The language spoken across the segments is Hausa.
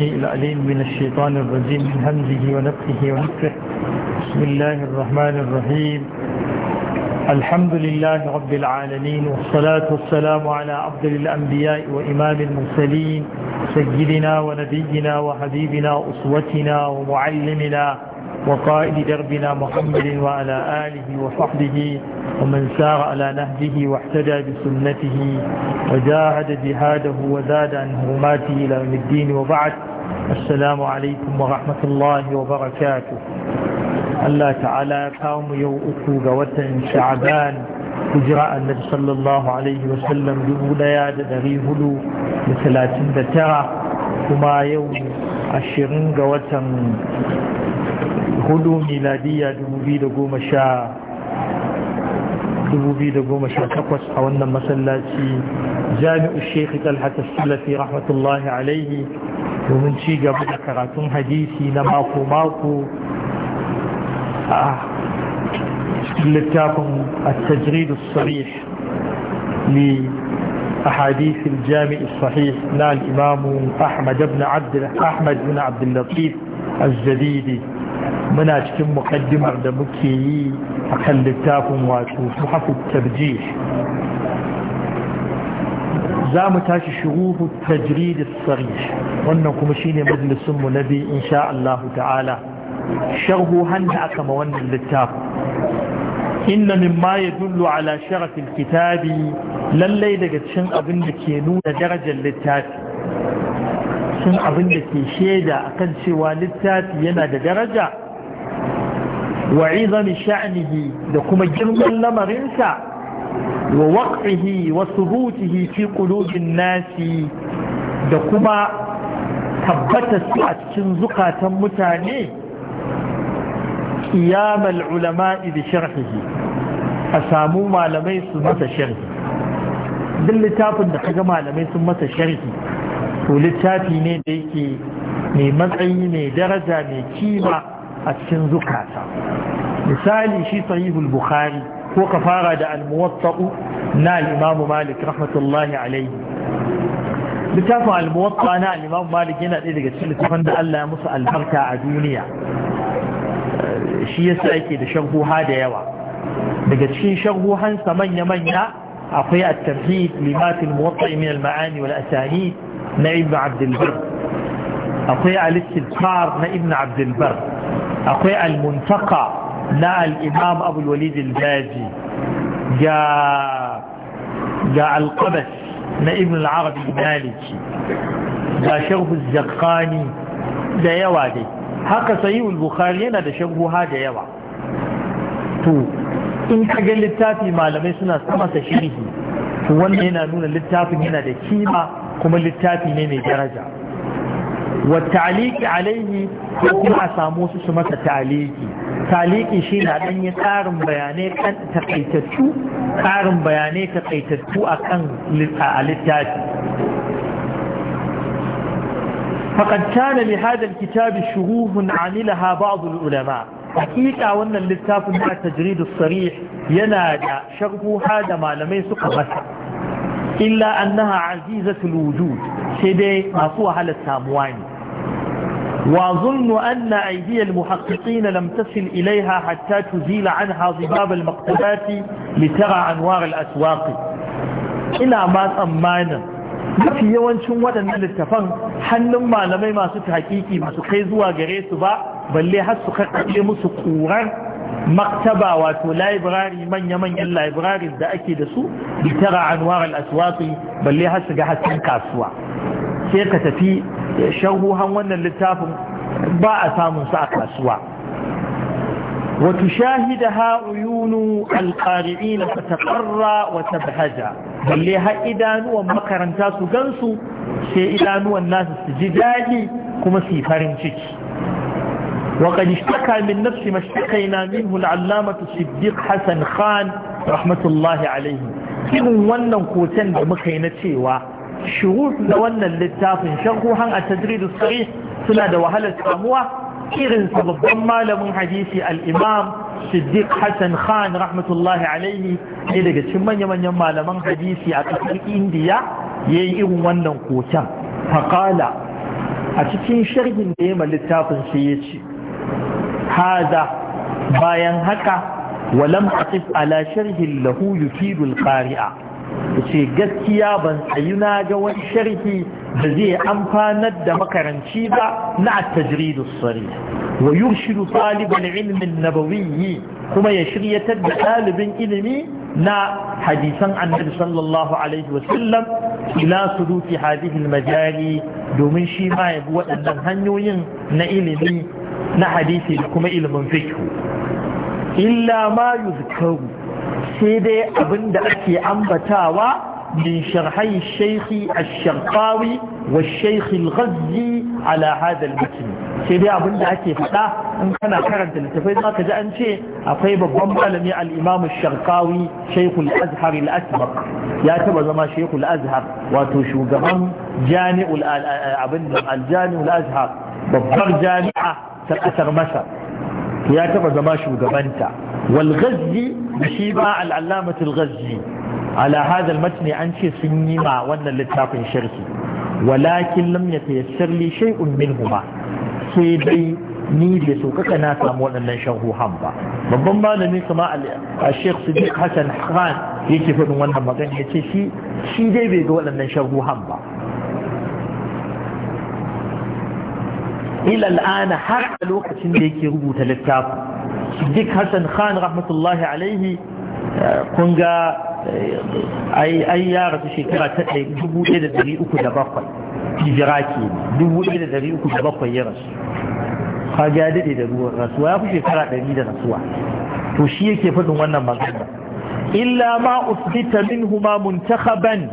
العليم من الشيطان الرجيم من همزه ونفخه ونفخه بسم الله الرحمن الرحيم الحمد لله رب العالمين والصلاة والسلام على عبد الأنبياء وإمام المرسلين سيدنا ونبينا وحبيبنا أسوتنا ومعلمنا وقائد دربنا محمد وعلى آله وصحبه ومن سار على نهجه واحتجى بسنته وجاهد جهاده وزاد عن هرماته إلى يوم الدين وبعد السلام عليكم ورحمة الله وبركاته الله تعالى كام يوؤكو قوة شعبان هجراء النبي صلى الله عليه وسلم ياد ذري هلو لثلاثين بترة كما يوم عشرين قوة hudu miladiya 2018 a wannan masallaci jami'u shekhi talhata salafi rahmatullahi alaihi domin ci gaba da karatun hadisi na mako-mako a littafin a tajridu sarih li أحاديث الجامع الصحيح لا الإمام أحمد بن عبد أحمد بن عبد اللطيف الجديدي muna cikin mukaddimar da muke yi a kan littafin wato suhafu tarjih za mu tashi shuruhu tajrid sarih wannan kuma shine majalisun mu na bi insha Allah ta'ala sharhu hannu aka ma wannan littafin inna mimma yadullu ala sharafin kitabi lallai daga cin abin da ke nuna darajar littafi cikin abin da ke shaida akan cewa littafi yana da daraja wa izami da kuma girman lamarinsa wa waqfihi wa subutihi fi qulubin nasi da kuma tabbata su a cikin zukatan mutane qiyamal ulama'i bi sharhihi a samu malamai su masa sharhi duk littafin da kaga malamai sun masa sharhi to littafi ne da yake mai matsayi mai daraja mai kima a cikin zukata مثالي شيء صحيح البخاري هو كفارة الموطأ نا الإمام مالك رحمة الله عليه بتافع الموطأ نا الإمام مالك هنا إذا قلت فند ألا مصع الحركة عدونية شي يسأكي لشغه هذا يوا لقد شي شغه هنس من يمن أخي التمثيل لما في الموطأ من المعاني والأسانيد نعيب عبد البر أخي الاستدفار نعيب عبد البر أخي المنفقى na al'imam abulwalid al-baji ga alƙabas na ibn al maliki ga sharhu zakani da yawa dai haka sayi bukhari yana da sharhuha da yawa to in ka ga littafi malamai suna masa shirhi. to wannan yana nuna littafin yana da kima kuma littafi ne mai daraja wa ta'liqi alaihi ko kuma a samu su su masa taliki shi na ɗan yi ƙarin bayanai kan taƙaitattu ƙarin bayanai taƙaitattu a kan littafi faƙad kana li kitabi shuruhun amilaha ba'dul ulama hakika wannan littafin na tajrid sarih yana da sharhuha da malamai suka masa illa annaha azizatul wujud sai dai masu wahalar samuwa ne وأظن أن أيدي المحققين لم تصل إليها حتى تزيل عنها ضباب المكتبات لترى أنوار الأسواق إلى ما أمانا mafi yawancin waɗannan littafan hannun malamai masu hakiki masu kai zuwa gare su ba balle har su kakkaɓe musu ƙurar maktaba wato laibirari manya-manyan laibirarin da ake da su bitara anwar al'aswasi balle har su ga hasken kasuwa sai ka tafi shahuhan wannan littafin ba a samun su a kasuwa wata shahida ha'uyunu alƙari'i na wata ƙarra wata bahaja balle ha idanuwan makaranta su gansu sai idanuwan nasu su ji kuma su farin ciki wa kan ishtaka min nafsi mashtaka ina min hula allamatu siddiq hassan khan rahmatullahi alaihi cikin wannan koten da muka na cewa shuruf na wannan littafin sharhuhan a tajridu sari suna da wahalar samuwa irin babban malamin hadisi imam siddiq hassan khan rahmatullahi alaihi ne daga cikin manya-manyan malaman hadisi a ƙasar indiya ya yi irin wannan koken faƙala a cikin sharhin da ma littafin shi ya ci? haza bayan haka walam aqif ala sharhin lahu yufidul qari'a ku ce gaskiya ban tsayi na ga wani sharhi da zai amfanar da makaranci ba na at-tajrid wa yurshidu talib al an-nabawi kuma ya shiryatar da ɗalibin ilimi na hadisan annabi sallallahu alaihi wa sallam ila suduki hadhihi al-majali domin shi ma ya bi waɗannan hanyoyin na ilimi na hadisi da kuma ilimin fiqh illa ma yuzkaru sai dai abin da ake ambatawa min sharhai shaikhi ash-sharqawi wa shaikh al-ghazzi ala hada al sai dai abin da ake fada in kana karanta littafai zaka ji an ce akwai babban malami al-imam ash-sharqawi al-azhar al ya taba zama shaikh al-azhar wato shugaban jami'ul abin al azhar babbar jami'a ta kasar masar ya taba zama shugabanta والغزي بشيبا العلامة الغزي على هذا المتن أنشي سني مع وانا لتاف شرسي ولكن لم يتيسر لي شيء منهما سيدي ni da su kaka na samu waɗannan shahuhan ba babban malami kuma a sheikh sadiq hassan khan yake faɗin wannan magana ya ce shi shi dai bai ga waɗannan shahuhan ba ila al'ana har lokacin da yake rubuta littafi dik hassan khan rahmatullahi alaihi uh, kun ga uh, ai ya rasu shekara ta 1307 hijira ke bakwai ya rasu kaga ya daɗe da ruwan rasuwa ya fi shekara 100 da rasuwa to shi yake faɗin wannan magana illa ma usbita minhuma muntakhaban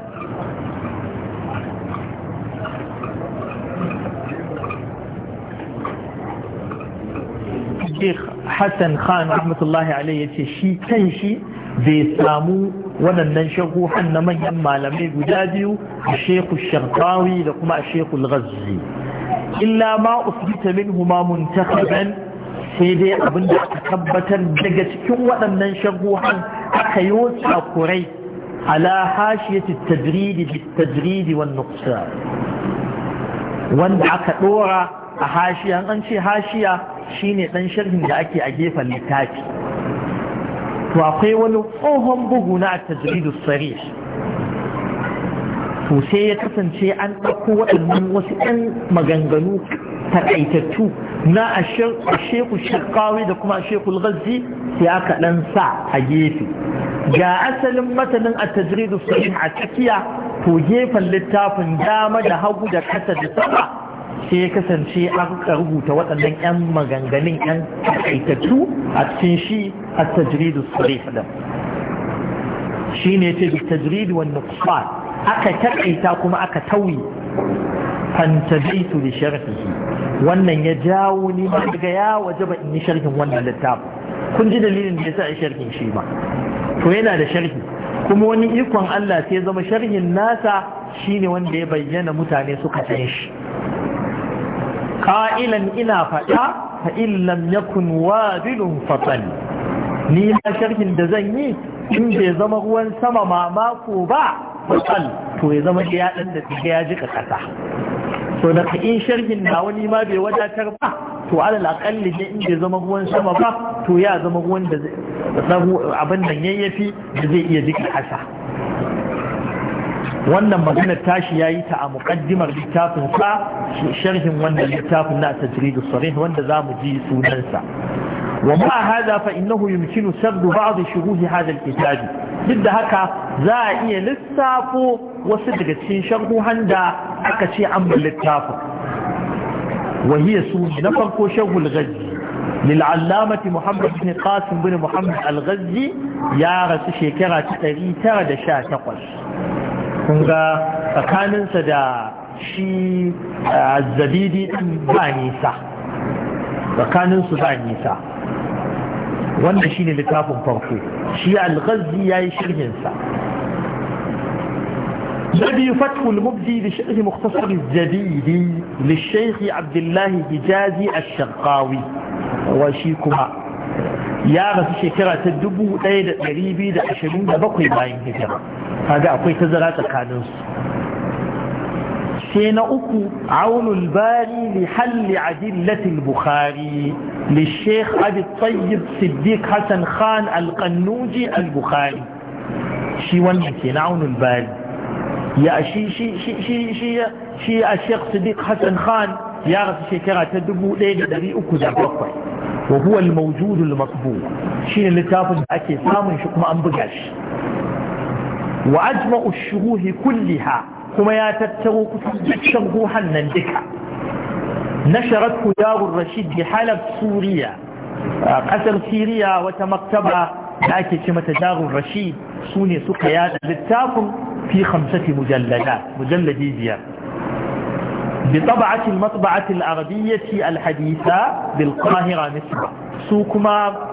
الشيخ hassan khan rahmatullahi alaihi ya ce shi kan shi zai samu waɗannan shaguhan na manyan malamai guda biyu a shekul sharkawi da kuma a shekul illa ma usbita minhuma muntakhaban sai dai abin da aka tabbatar daga cikin waɗannan shaguhan aka yi kurai ala hashiyati tadridi bi tadridi wan nuqsa wanda aka dora a hashiya an ce hashiya shine ɗan sharhin da ake a gefen littafi to akwai wani tsohon bugu na a tajrid as to sai ya kasance an ɗauko waɗannan wasu ɗan maganganu takaitattu na sheku shirkawi da kuma sheku al-ghazi sai aka ɗan sa a gefe ga asalin matanin a tajridu sahih a tsakiya to gefen littafin dama da hagu da kasa da sama sai ya kasance aka rubuta waɗannan 'yan maganganun 'yan kaitattu a cikin shi a tajiridu sarif ɗin shi ne ce tajiridu wani nufsar aka taƙaita kuma aka tauyi fantabitu da sharhihi wannan ya jawo ni ma daga ya waje ba in yi sharhin wannan littafi kun ji dalilin da ya sa a sharhin shi ba to yana da sharhi kuma wani ikon Allah sai zama sharhin nasa shine wanda ya bayyana mutane suka san shi ina faɗa, فتاة فإن لم يكن وابل فطل ni na sharhin da zan yi in bai zama ruwan sama mamako ba fatal to ya zama ya ɗan da take ya jika ƙasa. so da in sharhin da wani ma bai wadatar ba to alal akalli ne in bai zama ruwan sama ba to ya zama ruwan da abin da yayyafi da zai iya jika ƙasa. wannan maganar tashi ya yi ta a muƙaddimar littafin sa sharhin wannan littafin na tajridu sarih wanda za mu ji sunansa wa ma hada fa innahu yumkinu sabdu ba'd shuruh hada alkitab duk da haka za a iya lissafo wasu daga cikin sharhuhan da aka ce an bar littafin wa hiya na farko sharhul ghazzi للعلامة محمد بن قاسم بن محمد الغزي يا رسول شكرة تري ترد شاتقش kun ga tsakaninsa da shi zabidi ɗin ba nisa tsakaninsu ba nisa wannan shine littafin farko shi al-ghazi yayi shirhin sa الذي فتح المبدي لشيخ مختصر الزبيدي للشيخ عبد الله حجازي الشقاوي وشيكما يا غسي شكرة الدبو تايد قريبي دا عشرين دا بقي باين هجرة kaga akwai tazara tsakaninsu sai na uku aunul bari li halli adillatil bukhari li sheikh abi tayyib siddiq hasan khan al-qannuji al-bukhari shi wannan ke na aunul bari ya shi shi shi shi shi shi a sheikh siddiq hasan khan ya rasu shekara ta 1307 wa huwa al-mawjud al-maqbul shine littafin da ake samun shi kuma an buga shi وأجمع ajma'u كلها كما kuma ya tattaro نشرت sharhuhan nan الرشيد بحلب سوريا قصر سوريا وتمكتبها لكن كما تجار الرشيد سوني سقيا للتاكم في خمسة مجلدات مجلد زيار بطبعة المطبعة العربية الحديثة بالقاهرة نسبة سوكما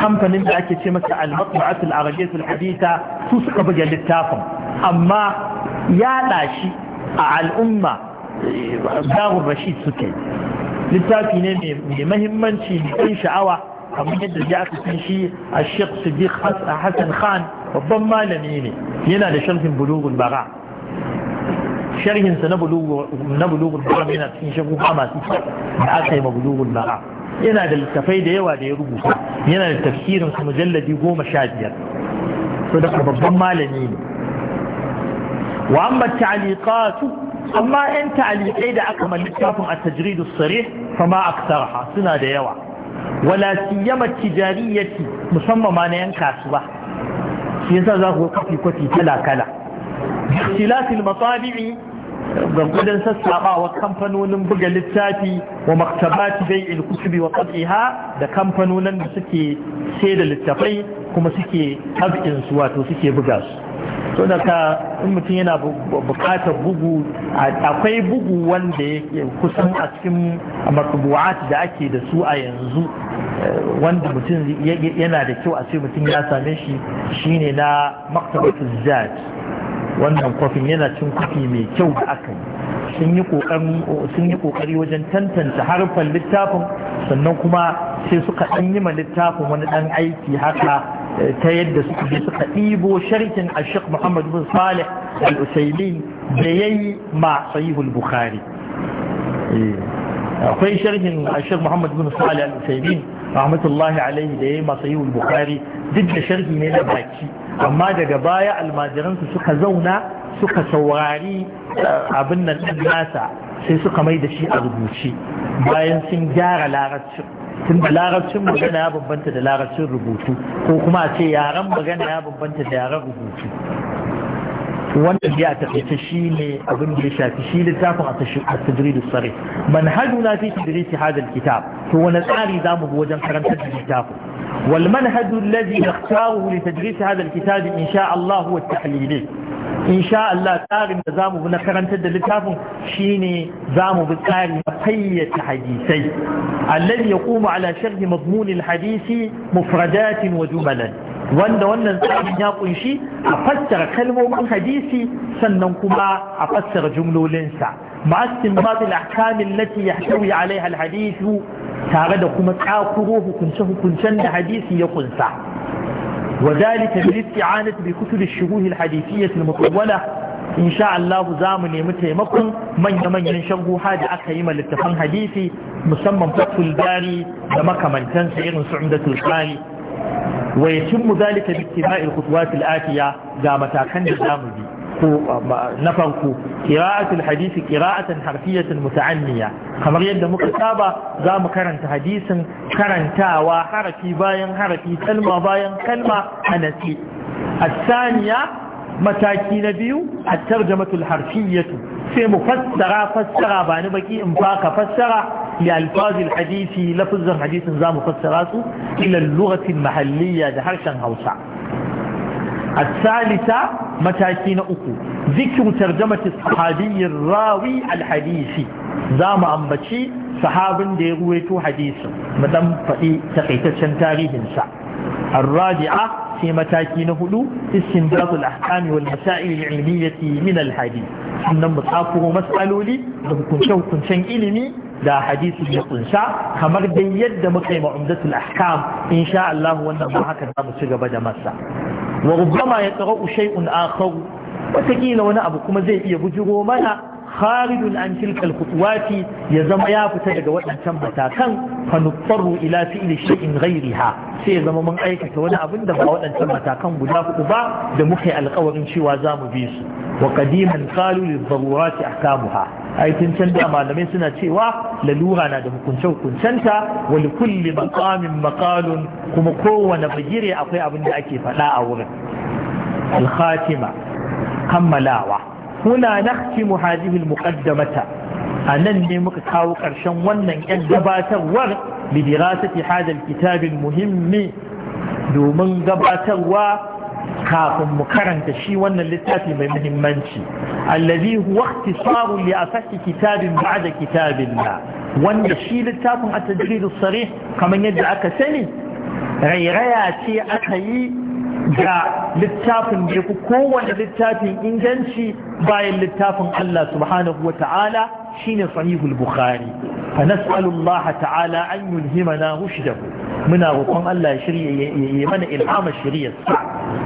kamfanin da ake ce masa al-matbu'at al-arabiyya al su suka buga littafin amma ya dashi a al'umma Darul Rashid suke littafi ne mai mahimmanci mai sha'awa kamar yadda ya aka san shi a Sheikh Siddiq Hassan Khan babban malami ne yana da sharhin bulugul bara sharhinsa na bulugul bara yana cikin shagufa masu da aka yi ma bulugul bara yana da littafai da yawa da ya rubuta yana da tafsirin su mujalladi goma sha biyar to da babban malami ne wa amma ta'liqatu amma yan ta'liqai da aka mallaki littafin at-tajrid as-sarih fama aktarha suna da yawa wala siyama tijariyati musamman ma na yan kasuwa shi yasa za ku kwafi kwafi kala kala ikhtilaf al-matabi'i sassaba wa kamfanonin buga littafi wa maktabati bai ilkutubi wa ƙas'iha da kamfanonin da suke sai da littafai kuma suke su wato suke buga su to ka in mutum yana bukatar bugu akwai bugu wanda yake kusan a cikin makabuwat da ake da su a yanzu eh, wanda mutum yana da kyau a ce mutum ya same shi shine na maktabatul zati wannan kwafin yana cin kwafi mai kyau da aka yi sun yi kokari wajen tantance harfan littafin sannan kuma sai suka ɗan yi ma littafin wani ɗan aiki haka eh, ta yadda suka je suka ɗibo sharkin ashik muhammad bin salih al-usaimin da ya yi ma sahihul bukhari eh, akwai sharhin ashik muhammad bin salih al-usaimin rahmatullahi alaihi da ya yi ma sahihul bukhari duk da sharhi ne na baki amma daga baya almajiransu suka zauna suka saurari eh, abin nan ɗin nasa sai suka mai da shi a rubuce bayan sun gyara larabcin tun da larabcin magana ya bambanta da larabcin rubutu ko kuma a ce yaren magana ya bambanta da yaren rubutu wannan ya taƙaita shi ne abin da ya shafi shi littafin a tajiri da tsare manhajuna fi tajiri ta hadal kitab to wani tsari za mu wajen karantar da littafin والمنهج الذي نختاره لتدريس هذا الكتاب إن شاء الله هو التحليلي إن شاء الله تارم زامو بنا كرن تد لتافن شيني زامو بالتاري مقية حديثي الذي يقوم على شرح مضمون الحديث مفردات وجملا wanda wannan tsarin ya kunshi a fassara kalmomin hadisi sannan kuma a fassara jumlolinsa ma'astin batil ahkamin lati yahtawi alaiha alhadithu tare da kuma tsakuro hukunce-hukuncen da hadisi ya kunsa wa zalika bil isti'anat bi kutub ash-shuruh al-hadithiyyah al-mutawwala insha Allah za mu nemi taimakon manya-manyan sharhuha da aka yi ma malittafan hadisi musamman fatul bari da makamantan irin su inda tulqani wa yatimmu zalika bi ittiba' al-khutuwat al-atiya ga matakan da za mu bi ko na farko qira'atul hadisi qira'atan harfiyatan muta'anniya kamar yadda muka saba zamu karanta hadisin karantawa harfi bayan harfi kalma bayan kalma a nasi mataki na biyu a tarjamatul harfiyatu sai mu fassara fassara ba ni baki in faka fassara li alfazil hadisi lafazin hadisin za mu fassara su ila lughatil mahalliyya da harshen Hausa الثالثة متاكين أكو ذكر ترجمة الصحابي الراوي الحديثي زام أمبتشي صحاب ديرويتو حديث مدام فإي تقيتشن تاريخ سا الرابعة في متاكين هلو استنباط الأحكام والمسائل العلمية من الحديث أن مصحفه مسألة لي وكن شو كن شن إلمي دا حديث يقول شا كمر ديد مقيم عمدة الأحكام إن شاء الله وأن ما هكذا مسجب دا مسا wa rubbama ya tsara'u shay'un akharu wataƙila wani abu kuma zai iya bujiro mana kharijun an tilka alkhutuwati ya zama ya fita daga waɗancan matakan fa nuttaru ila fi'li shay'in ghayriha sai ya zama mun aikata wani abin da ba waɗancan matakan guda hudu ba da muka yi alƙawarin cewa za mu bi su وقديما قالوا للضرورات أحكامها أي تنسان دعما لمن سنة شيوا للوغانا ده كنشو كنشنتا ولكل مقام مقال كما قوة نبجيري أقوي أبن دعكي فلا أورد الخاتمة كملاوة هنا نختم هذه المقدمة أنني نمك كاو قرشن ونن يجبات ور بدراسة هذا الكتاب المهم دومن قبات ور kafin mu karanta shi wannan littafi mai muhimmanci allazi huwa ikhtisaru li asahi kitabin ba'da kitabin wanda shi littafin at-tajrid as-sarih kaman yadda aka sani rairaya ce aka yi ga littafin da ku kowane littafin inganci bayan littafin Allah subhanahu wa ta'ala shine sahihul bukhari fa nas'alullaha ta'ala an yulhimana rushdahu muna roƙon Allah ya shirya ya mana ilhama shiriyar sa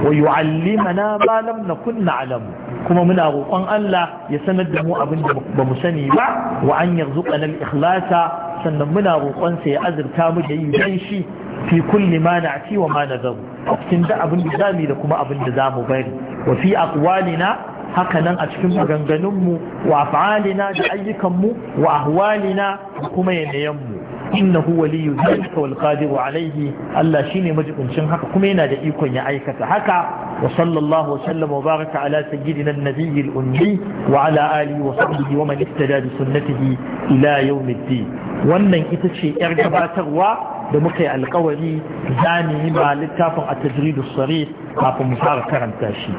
wa yu'allimana ma lam nakun na'lamu kuma muna roƙon Allah ya sanar da mu abin da bamu sani ba wa an yarzuqana al-ikhlasa sannan muna roƙon sa ya azurta mu da yin dan shi fi kulli ma na'ti wa ma nadaru cikin da abin da zamu da kuma abin da zamu bari wa fi aqwalina haka nan a cikin maganganunmu wa fa'alina da ayyukanmu wa ahwalina da kuma yanayinmu innahu waliyyu dhalika wal qadiru alayhi Allah shine majibincin haka kuma yana da ikon ya aikata haka wa sallallahu wa sallama wa baraka ala sayyidina an-nabiyyi al-ummi wa ala alihi wa sahbihi wa man ittada bi sunnatihi ila yawmiddin wannan ita ce yar gabatarwa da muka yi alkawari za mu yi ba littafin a tajridus sarih kafin mu fara karanta shi